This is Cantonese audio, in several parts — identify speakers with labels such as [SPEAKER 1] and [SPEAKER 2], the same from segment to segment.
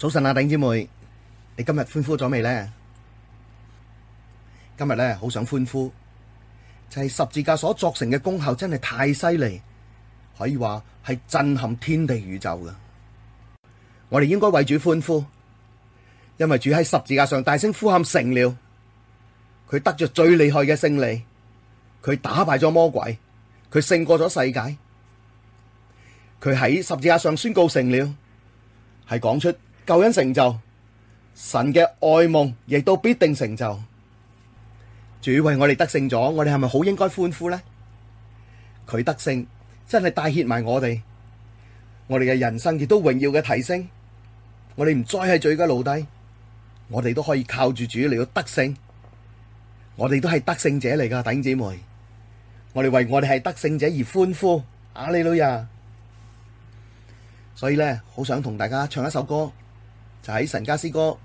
[SPEAKER 1] 早晨啊，頂姐妹，你今日歡呼咗未呢？今日咧，好想歡呼，就係十字架所作成嘅功效真係太犀利，可以話係震撼天地宇宙嘅。我哋應該為主歡呼，因為主喺十字架上大聲呼喊，成了，佢得着最厲害嘅勝利，佢打敗咗魔鬼，佢勝過咗世界，佢喺十字架上宣告成了，係講出。救恩成就，神嘅愛夢亦都必定成就。主為我哋得勝咗，我哋係咪好應該歡呼呢？佢得勝，真係帶挈埋我哋，我哋嘅人生亦都榮耀嘅提升。我哋唔再係罪嘅奴隸，我哋都可以靠住主嚟到得勝。我哋都係得勝者嚟噶，弟兄姊妹，我哋為我哋係得勝者而歡呼。阿利路亞呀！所以呢，好想同大家唱一首歌。就喺神家詩歌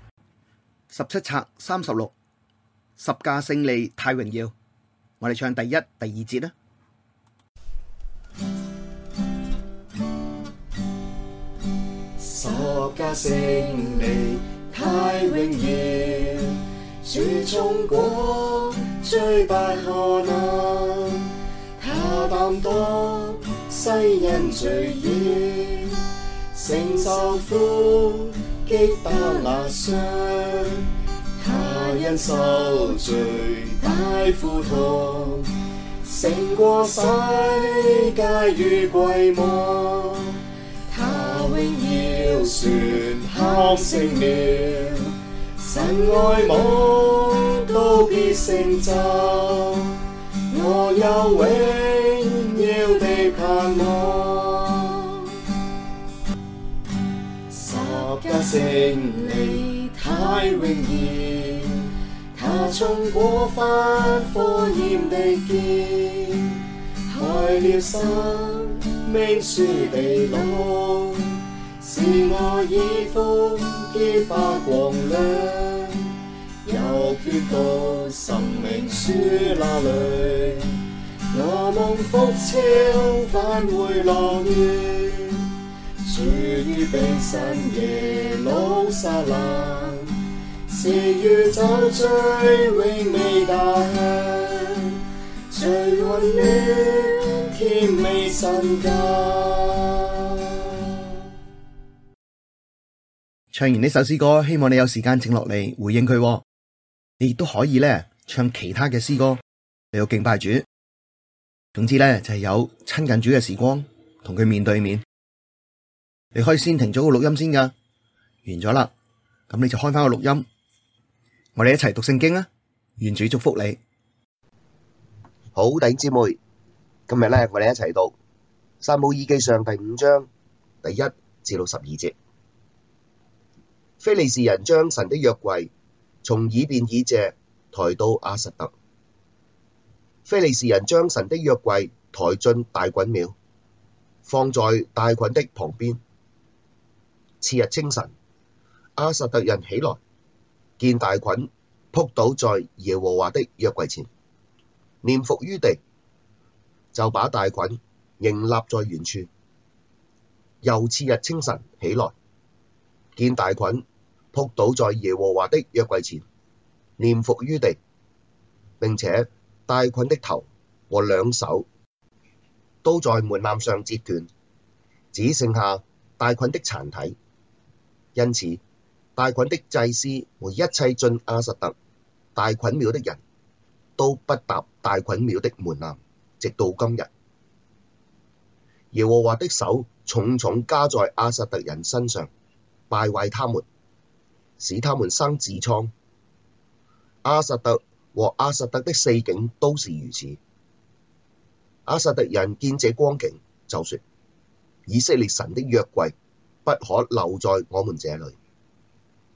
[SPEAKER 1] 十七冊三十六十架勝利太榮耀，我哋唱第一、第二節啦。
[SPEAKER 2] 十架勝利太榮耀，主衝過最不可能，祂擔當世人罪孽，承受苦。擊打壓傷，他因受罪大苦痛，勝過世界與鬼魔。他榮耀宣喊成了，神愛我都必成就，我有榮耀的盼望。勝利太榮耀，他衝過發火焰的劍，開了生命樹的路，使我衣服潔白、光亮，有權到生命樹那裡，我蒙福超返回樂園。主預備新耶路撒冷，是宇宙最榮美家鄉，最溫暖甜美神家。
[SPEAKER 1] 唱完呢首詩歌，希望你有時間靜落嚟，回應佢。你亦都可以咧唱其他嘅詩歌，你有敬拜主。總之咧就係、是、有親近主嘅時光，同佢面對面。你可以先停咗個錄音先噶，完咗啦，咁你就開翻個錄音，我哋一齊讀聖經啊。願主祝福你，好弟兄姊妹，今日咧我哋一齊讀《撒母耳記》上第五章第一至到十二節。非利士人將神的約櫃從以便以謝抬到亞實突。非利士人將神的約櫃抬進大袞廟，放在大袞的旁邊。次日清晨，亞實突人起來，見大袞扑倒在耶和華的約櫃前，臉伏於地，就把大袞仍立在原處。又次日清晨起來，見大袞扑倒在耶和華的約櫃前，臉伏於地，並且大袞的頭和兩手都在門檻上折斷，只剩下大袞的殘體。因此，大袞的祭司和一切進亞實突大袞廟的人都不踏大袞廟的門檻，直到今日。耶和華的手重重加在亞實突人身上，敗壞他們，使他們生痔瘡。亞實突和亞實突的四境都是如此。亞實突人見這光景，就說：以色列神的約櫃。不可留在我們這裡，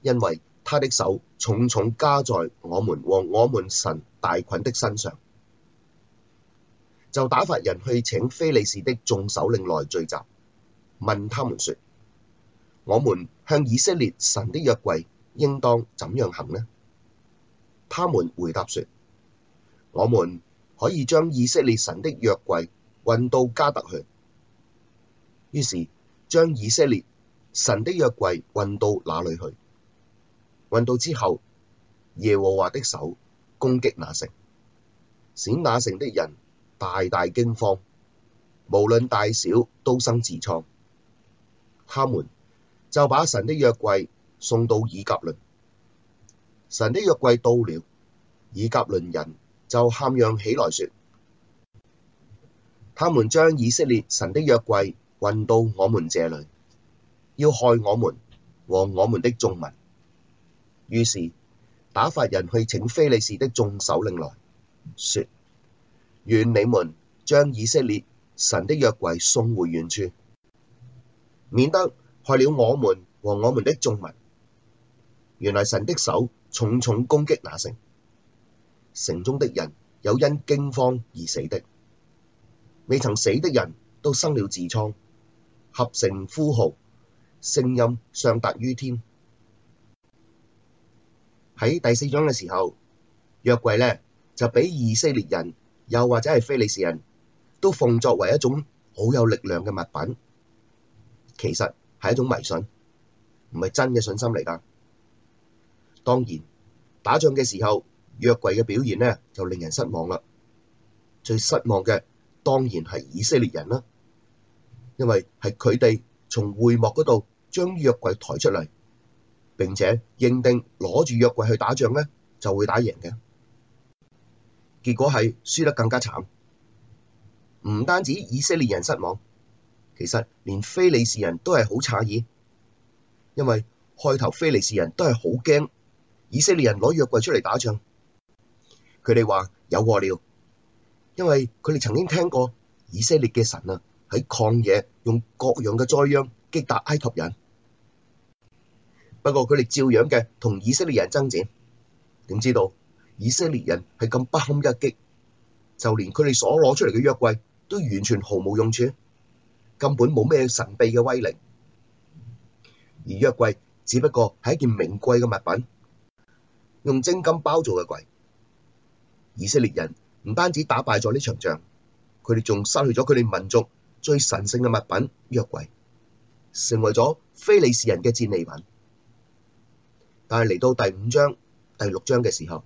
[SPEAKER 1] 因為他的手重重加在我們和我們神大袞的身上，就打發人去請非利士的眾首領來聚集，問他們說：我們向以色列神的約櫃應當怎樣行呢？他們回答說：我們可以將以色列神的約櫃運到迦特去。於是將以色列神的約櫃運到哪裏去？運到之後，耶和華的手攻擊那城，使那城的人大大驚慌，無論大小都生痔瘡。他們就把神的約櫃送到以革倫。神的約櫃到了，以革倫人就喊嚷起來說：他們將以色列神的約櫃運到我們這裏。要害我們和我們的眾民，於是打發人去請非利士的眾首領來，說：願你們將以色列神的約櫃送回原處，免得害了我們和我們的眾民。原來神的手重重攻擊那城，城中的人有因驚慌而死的，未曾死的人都生了痔瘡，合城呼號。聲音上達於天。喺第四章嘅時候，約櫃呢就畀以色列人又或者係非利士人都奉作為一種好有力量嘅物品，其實係一種迷信，唔係真嘅信心嚟㗎。當然打仗嘅時候，約櫃嘅表現呢就令人失望啦。最失望嘅當然係以色列人啦，因為係佢哋。從會幕嗰度將約櫃抬出嚟，並且認定攞住約櫃去打仗呢，就會打贏嘅。結果係輸得更加慘，唔單止以色列人失望，其實連非利士人都係好詫異，因為開頭非利士人都係好驚以色列人攞約櫃出嚟打仗，佢哋話有禍了，因為佢哋曾經聽過以色列嘅神啊。喺曠野用各樣嘅災殃擊打埃及人，不過佢哋照樣嘅同以色列人爭戰。點知道以色列人係咁不堪一擊，就連佢哋所攞出嚟嘅約櫃都完全毫無用處，根本冇咩神秘嘅威力。而約櫃只不過係一件名貴嘅物品，用精金包做嘅櫃。以色列人唔單止打敗咗呢場仗，佢哋仲失去咗佢哋民族。最神聖嘅物品約櫃，成為咗非利士人嘅戰利品。但係嚟到第五章、第六章嘅時候，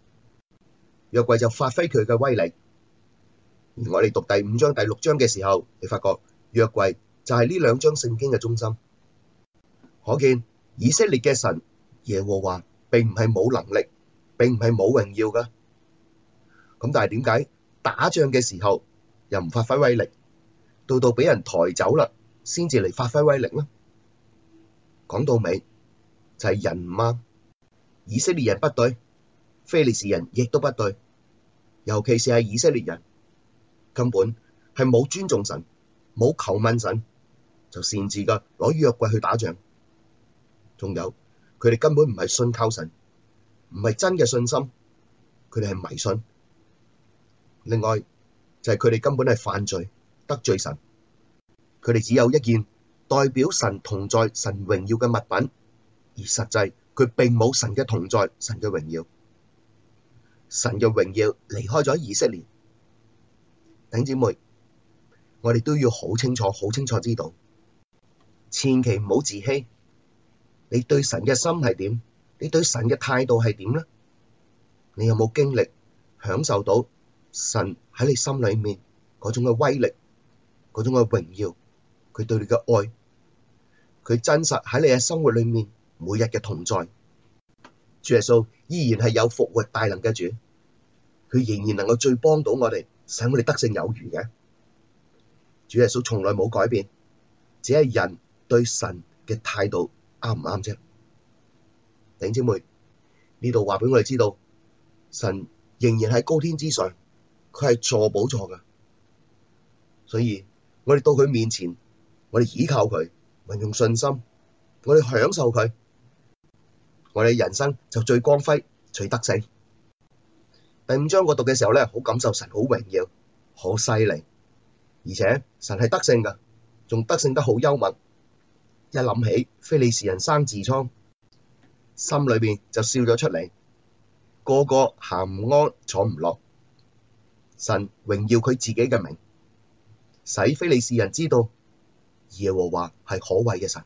[SPEAKER 1] 約櫃就發揮佢嘅威力。而我哋讀第五章、第六章嘅時候，你發覺約櫃就係呢兩章聖經嘅中心。可見以色列嘅神耶和華，並唔係冇能力，並唔係冇榮耀噶。咁但係點解打仗嘅時候又唔發揮威力？到到畀人抬走啦，先至嚟發揮威力啦。講到尾就係人唔啱，以色列人不對，非利士人亦都不對，尤其是係以色列人，根本係冇尊重神，冇求問神，就擅自噶攞約櫃去打仗。仲有佢哋根本唔係信靠神，唔係真嘅信心，佢哋係迷信。另外就係佢哋根本係犯罪。得罪神，佢哋只有一件代表神同在、神榮耀嘅物品，而實際佢並冇神嘅同在、神嘅榮耀。神嘅榮耀離開咗以色列，頂姊妹，我哋都要好清楚、好清楚知道，千祈唔好自欺。你對神嘅心係點？你對神嘅態度係點呢？你有冇經歷享受到神喺你心裏面嗰種嘅威力？嗰種嘅榮耀，佢對你嘅愛，佢真實喺你嘅生活裏面每日嘅同在，主耶穌依然係有復活大能嘅主，佢仍然能夠最幫到我哋，使我哋得勝有餘嘅。主耶穌從來冇改變，只係人對神嘅態度啱唔啱啫。頂姐妹呢度話畀我哋知道，神仍然喺高天之上，佢係坐寶座嘅，所以。我哋到佢面前，我哋倚靠佢，運用信心，我哋享受佢，我哋人生就最光輝、最得勝。第五章我讀嘅時候咧，好感受神好榮耀，好犀利，而且神係得勝噶，仲得勝得好幽默。一諗起非利士人生痔瘡，心裏面就笑咗出嚟，個個行唔安坐唔落，神榮耀佢自己嘅名。使非利士人知道耶和華係可畏嘅神。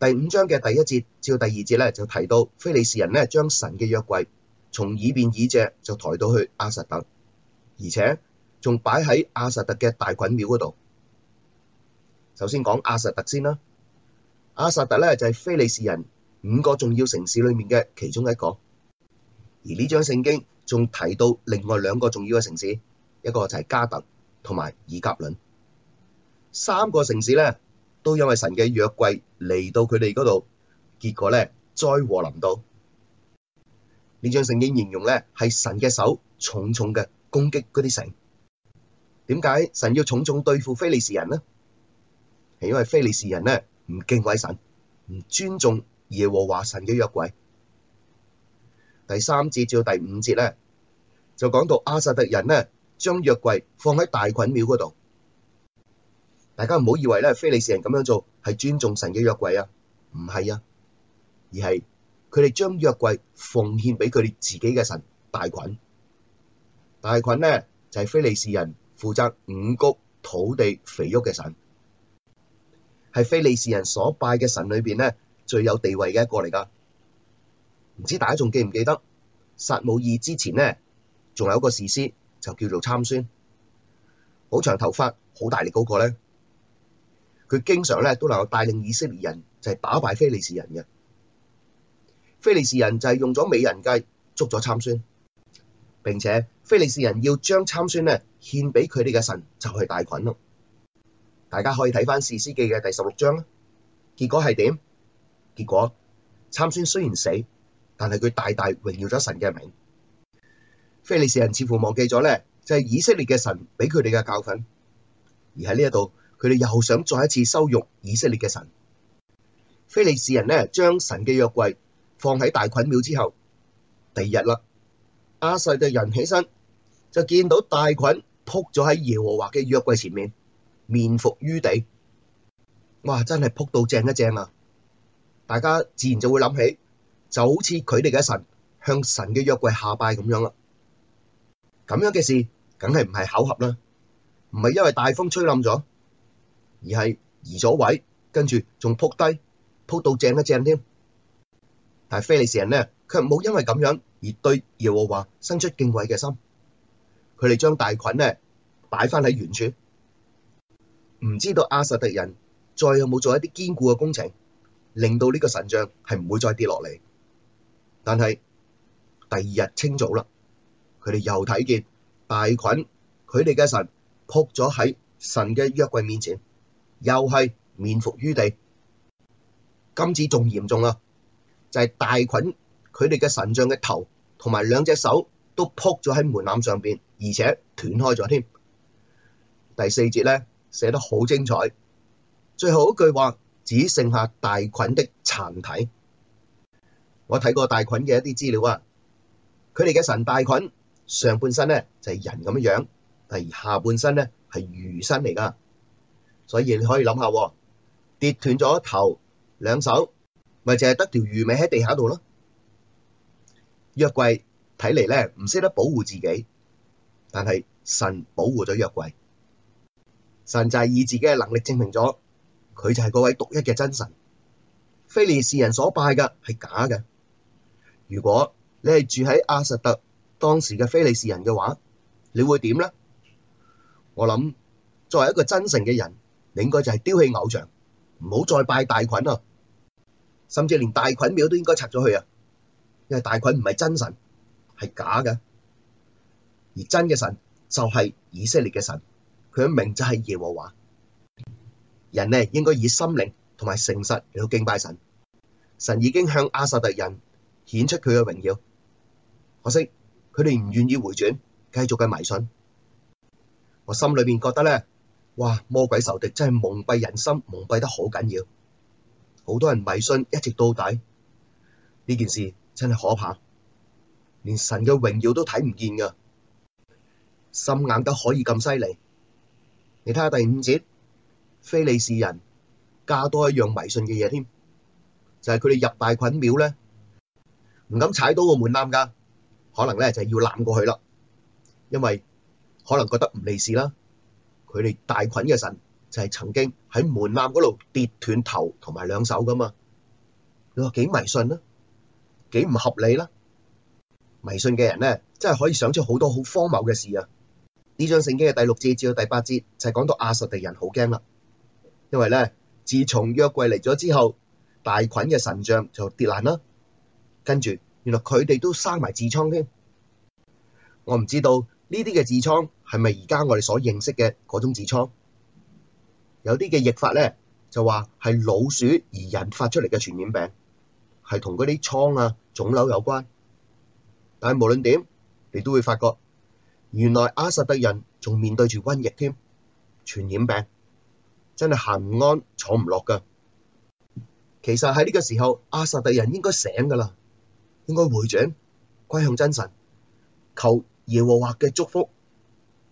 [SPEAKER 1] 第五章嘅第一節至到第二節咧，就提到非利士人咧將神嘅約櫃從以便以謝就抬到去亞實突，而且仲擺喺亞實突嘅大袞廟嗰度。首先講亞實突先啦，亞實突咧就係、是、非利士人五個重要城市裏面嘅其中一個。而呢章聖經仲提到另外兩個重要嘅城市，一個就係迦特。同埋以革倫，三個城市咧都因為神嘅約櫃嚟到佢哋嗰度，結果咧災禍臨到。呢張聖經形容咧係神嘅手重重嘅攻擊嗰啲城。點解神要重重對付非利士人呢？係因為非利士人咧唔敬畏神，唔尊重耶和華神嘅約櫃。第三節至到第五節咧就講到亞實突人咧。將約櫃放喺大袞廟嗰度，大家唔好以為咧，非利士人咁樣做係尊重神嘅約櫃啊，唔係啊，而係佢哋將約櫃奉獻俾佢哋自己嘅神大袞。大袞咧就係非利士人負責五穀土地肥沃嘅神，係非利士人所拜嘅神裏邊咧最有地位嘅一個嚟噶。唔知大家仲記唔記得撒母耳之前咧仲有個士師？就叫做參孫，好長頭髮，好大力嗰個咧，佢經常咧都能夠帶領以色列人就係打敗非利士人嘅。非利士人就係用咗美人計捉咗參孫，並且非利士人要將參孫咧獻俾佢哋嘅神，就係大袞咯。大家可以睇翻士師記嘅第十六章啦。結果係點？結果參孫雖然死，但係佢大大榮耀咗神嘅名。非利士人似乎忘記咗咧，就係以色列嘅神俾佢哋嘅教訓，而喺呢一度佢哋又想再一次羞辱以色列嘅神。非利士人咧將神嘅約櫃放喺大袞廟之後，第二日啦，亞實突人起身就見到大袞仆咗喺耶和華嘅約櫃前面，面伏於地。哇！真係仆到正一正啊！大家自然就會諗起，就好似佢哋嘅神向神嘅約櫃下拜咁樣啦。咁樣嘅事，梗係唔係巧合啦，唔係因為大風吹冧咗，而係移咗位，跟住仲扑低扑到正一正添。但係非利士人咧，卻冇因為咁樣而對耶和華生出敬畏嘅心，佢哋將大袞咧擺翻喺原處，唔知道亞實突人再有冇做一啲堅固嘅工程，令到呢個神像係唔會再跌落嚟。但係第二日清早啦。佢哋又睇見大袞，佢哋嘅神扑咗喺神嘅約櫃面前，又係面伏於地。今次仲嚴重啊！就係大袞，佢哋嘅神像嘅頭同埋兩隻手都扑咗喺門檻上邊，而且斷開咗添。第四節咧寫得好精彩，最後嗰句話「只剩下大袞的殘體」。我睇過大袞嘅一啲資料啊，佢哋嘅神大袞。上半身咧就係、是、人咁樣樣，但下半身咧係魚身嚟㗎，所以你可以諗下跌斷咗頭兩手，咪淨係得條魚尾喺地下度咯。約櫃睇嚟咧唔識得保護自己，但係神保護咗約櫃，神就係以自己嘅能力證明咗佢就係嗰位獨一嘅真神。非利士人所拜嘅係假嘅。如果你係住喺亞實突，當時嘅非利士人嘅話，你會點呢？我諗，作為一個真誠嘅人，你應該就係丟棄偶像，唔好再拜大袞啊，甚至連大袞廟都應該拆咗佢啊，因為大袞唔係真神，係假嘅，而真嘅神就係以色列嘅神，佢嘅名字就係耶和華。人呢應該以心靈同埋誠實嚟到敬拜神，神已經向亞實突人顯出佢嘅榮耀，可惜。佢哋唔願意回轉，繼續嘅迷信。我心裏面覺得咧，哇，魔鬼仇敵真係蒙蔽人心，蒙蔽得好緊要。好多人迷信一直到底，呢件事真係可怕，連神嘅榮耀都睇唔見噶。心硬得可以咁犀利，你睇下第五節，非利士人加多一樣迷信嘅嘢添，就係佢哋入大袞廟咧，唔敢踩到個門檻噶。可能咧就係、是、要攔過去啦，因為可能覺得唔利是啦，佢哋大袞嘅神就係曾經喺門檻嗰度跌斷頭同埋兩手噶嘛，你話幾迷信啦、啊，幾唔合理啦、啊，迷信嘅人咧真係可以想出好多好荒謬嘅事啊！呢張聖經嘅第六節至到第八節就係、是、講到亞實突人好驚啦，因為咧自從約櫃嚟咗之後，大袞嘅神像就跌爛啦，跟住。原來佢哋都生埋痔瘡添，我唔知道呢啲嘅痔瘡係咪而家我哋所認識嘅嗰種痔瘡。有啲嘅譯法咧就話係老鼠而引發出嚟嘅傳染病，係同嗰啲瘡啊腫瘤有關。但係無論點，你都會發覺原來亞實突人仲面對住瘟疫添，傳染病真係行唔安坐唔落㗎。其實喺呢個時候，亞實突人應該醒㗎喇。應該回轉歸向真神，求耶和華嘅祝福，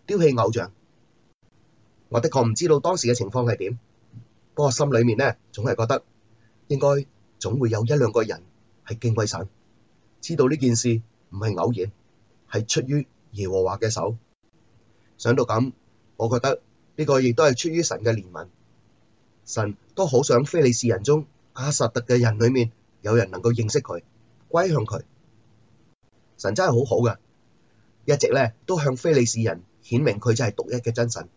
[SPEAKER 1] 丟棄偶像。我的確唔知道當時嘅情況係點，不過心裏面呢，總係覺得應該總會有一兩個人係敬畏神，知道呢件事唔係偶然，係出於耶和華嘅手。想到咁，我覺得呢個亦都係出於神嘅憐憫，神都好想非利士人中亞實突嘅人裏面有人能夠認識佢。歸向佢，神真係好好噶，一直咧都向非利士人顯明佢真係獨一嘅真神。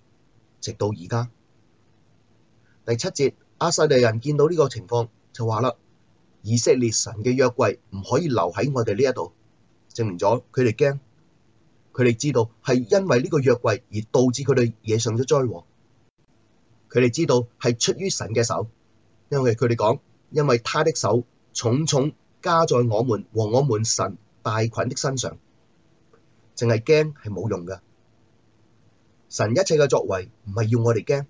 [SPEAKER 1] 直到而家第七節，亞實突人見到呢個情況就話啦：以色列神嘅約櫃唔可以留喺我哋呢一度，證明咗佢哋驚，佢哋知道係因為呢個約櫃而導致佢哋惹上咗災禍。佢哋知道係出於神嘅手，因為佢哋講因為他的手重重。加在我們和我們神大袞的身上，淨係驚係冇用噶。神一切嘅作為唔係要我哋驚，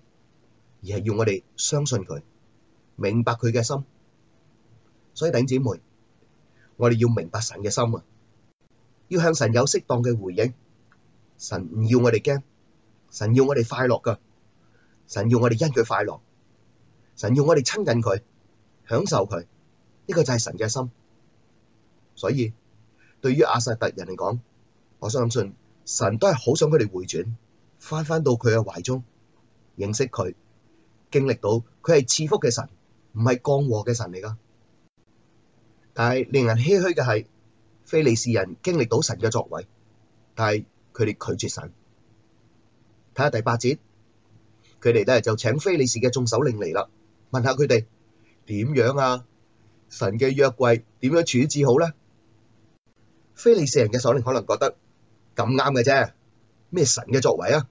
[SPEAKER 1] 而係要我哋相信佢，明白佢嘅心。所以弟兄姐妹，我哋要明白神嘅心啊，要向神有適當嘅回應。神唔要我哋驚，神要我哋快樂噶，神要我哋因佢快樂，神要我哋親近佢，享受佢。呢、這個就係神嘅心。所以，對於亞實突人嚟講，我相信神都係好想佢哋回轉，翻返到佢嘅懷中，認識佢，經歷到佢係賜福嘅神，唔係降禍嘅神嚟噶。但係令人唏噓嘅係，非利士人經歷到神嘅作為，但係佢哋拒絕神。睇下第八節，佢哋咧就請非利士嘅眾首領嚟啦，問下佢哋點樣啊？神嘅約櫃點樣處置好咧？非利士人嘅首領可能覺得咁啱嘅啫，咩神嘅作為啊？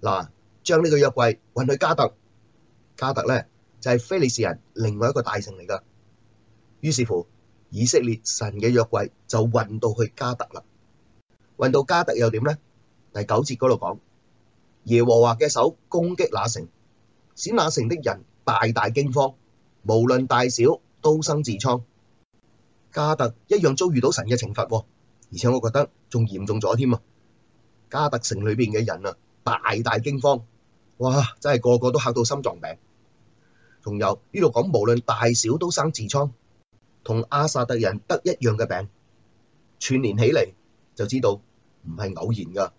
[SPEAKER 1] 嗱，將呢個約櫃運去迦特，迦特咧就係、是、非利士人另外一個大城嚟噶。於是乎，以色列神嘅約櫃就運到去迦特啦。運到迦特又點咧？第九節嗰度講，耶和華嘅手攻擊那城，使那城的人大大驚慌，無論大小都生痔瘡。迦特一樣遭遇到神嘅懲罰，而且我覺得仲嚴重咗添啊！迦特城裏邊嘅人啊，大大驚慌，哇！真係個個都嚇到心臟病。仲有呢度講，無論大小都生痔瘡，同亞實突人得一樣嘅病。串連起嚟就知道唔係偶然㗎，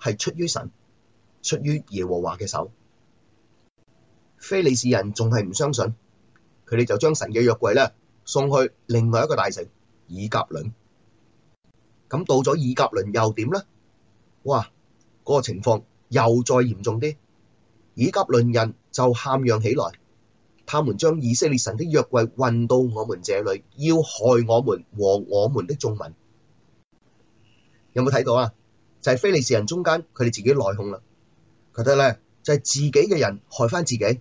[SPEAKER 1] 係出於神、出於耶和華嘅手。非利士人仲係唔相信，佢哋就將神嘅約櫃咧。送去另外一個大城，以革倫。噉到咗以革倫，又點呢？嘩，嗰個情況又再嚴重啲。以革倫人就喊嚷起來：「他們將以色列神的約櫃運到我們這裡，要害我們和我們的眾民。」有冇睇到啊？就係非利士人中間，佢哋自己內訌嘞。覺得呢，就係自己嘅人害返自己。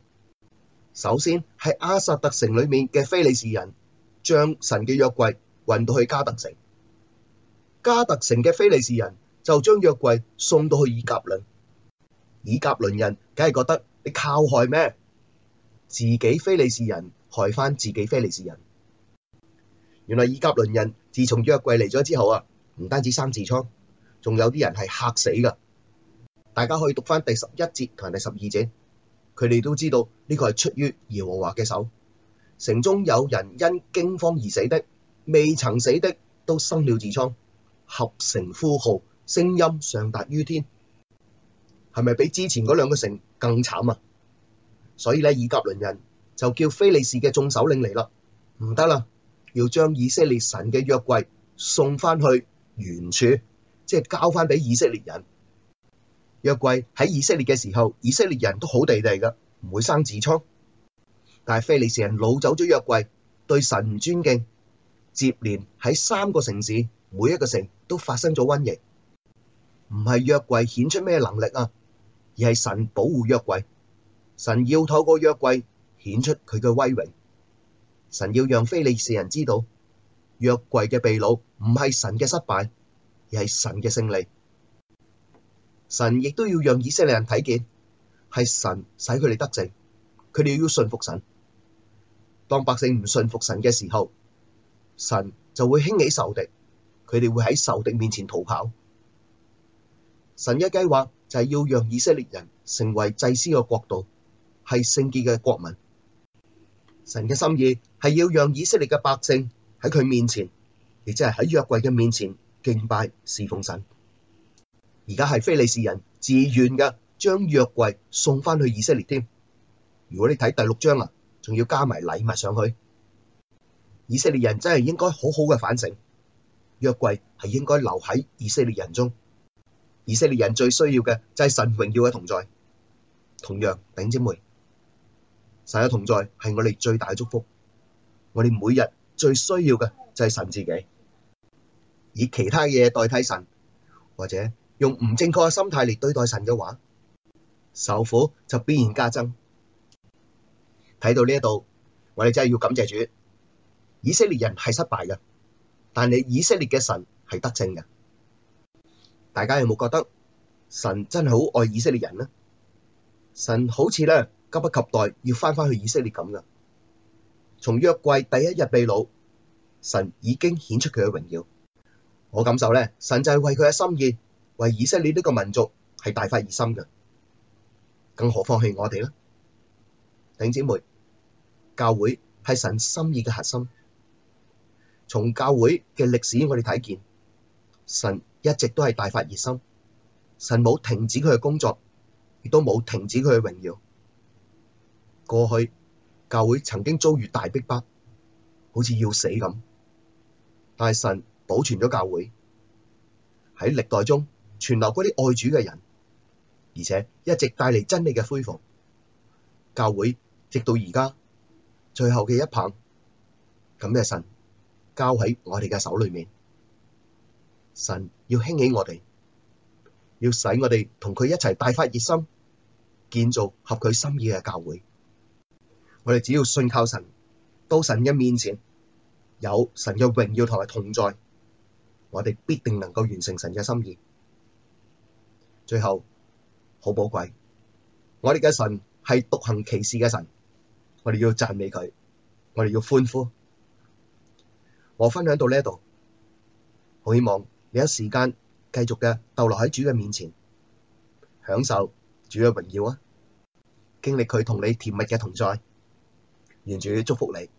[SPEAKER 1] 首先係亞實突城裏面嘅非利士人。ストップストップ將神嘅約櫃運到去加特城，加特城嘅非利士人就將約櫃送到去以甲倫，以甲倫人梗係覺得你靠害咩？自己非利士人害翻自己非利士人。原來以甲倫人自從約櫃嚟咗之後啊，唔單止生痔瘡，仲有啲人係嚇死噶。大家可以讀翻第十一節同第十二節，佢哋都知道呢個係出於耶和華嘅手。城中有人因驚慌而死的，未曾死的都生了痔瘡，合城呼號，聲音上達於天。係咪比之前嗰兩個城更慘啊？所以呢，以革倫人就叫非利士嘅眾首領嚟啦，唔得啦，要將以色列神嘅約櫃送返去原處，即係交返畀以色列人。約櫃喺以色列嘅時候，以色列人都好地地噶，唔會生痔瘡。但係非利士人擄走咗約櫃，對神唔尊敬，接連喺三個城市，每一個城都發生咗瘟疫。唔係約櫃顯出咩能力啊，而係神保護約櫃。神要透過約櫃顯出佢嘅威榮，神要讓非利士人知道約櫃嘅被擄唔係神嘅失敗，而係神嘅勝利。神亦都要讓以色列人睇見，係神使佢哋得勝，佢哋要信服神。當百姓唔信服神嘅時候，神就會興起仇敵，佢哋會喺仇敵面前逃跑。神嘅計劃就係要讓以色列人成為祭司嘅國度，係聖潔嘅國民。神嘅心意係要讓以色列嘅百姓喺佢面前，亦即係喺約櫃嘅面前敬拜侍奉神。而家係非利士人自願嘅將約櫃送翻去以色列添。如果你睇第六章啊，仲要加埋禮物上去，以色列人真係應該好好嘅反省，約櫃係應該留喺以色列人中，以色列人最需要嘅就係神榮耀嘅同在。同樣，頂姐妹，神嘅同在係我哋最大嘅祝福，我哋每日最需要嘅就係神自己，以其他嘢代替神，或者用唔正確嘅心態嚟對待神嘅話，受苦就必然加增。睇到呢一度，我哋真係要感謝主。以色列人係失敗嘅，但係以色列嘅神係得勝嘅。大家有冇覺得神真係好愛以色列人呢？神好似咧急不及待要翻返去以色列咁噶。從約櫃第一日被擄，神已經顯出佢嘅榮耀。我感受咧，神就係為佢嘅心意，為以色列呢個民族係大發熱心嘅，更何況係我哋呢？弟兄姊妹。教會係神心意嘅核心。從教會嘅歷史我，我哋睇見神一直都係大發熱心，神冇停止佢嘅工作，亦都冇停止佢嘅榮耀。過去教會曾經遭遇大逼迫,迫，好似要死咁，但係神保存咗教會喺歷代中存留嗰啲愛主嘅人，而且一直帶嚟真理嘅恢復。教會直到而家。最後嘅一棒，咁嘅神交喺我哋嘅手裏面，神要興起我哋，要使我哋同佢一齊大發熱心，建造合佢心意嘅教會。我哋只要信靠神，到神嘅面前有神嘅榮耀同埋同在，我哋必定能夠完成神嘅心意。最後，好寶貴，我哋嘅神係獨行奇事嘅神。我哋要讚美佢，我哋要歡呼。我分享到呢度，好希望你一時間繼續嘅逗留喺主嘅面前，享受主嘅榮耀啊！經歷佢同你甜蜜嘅同在，願主祝福你。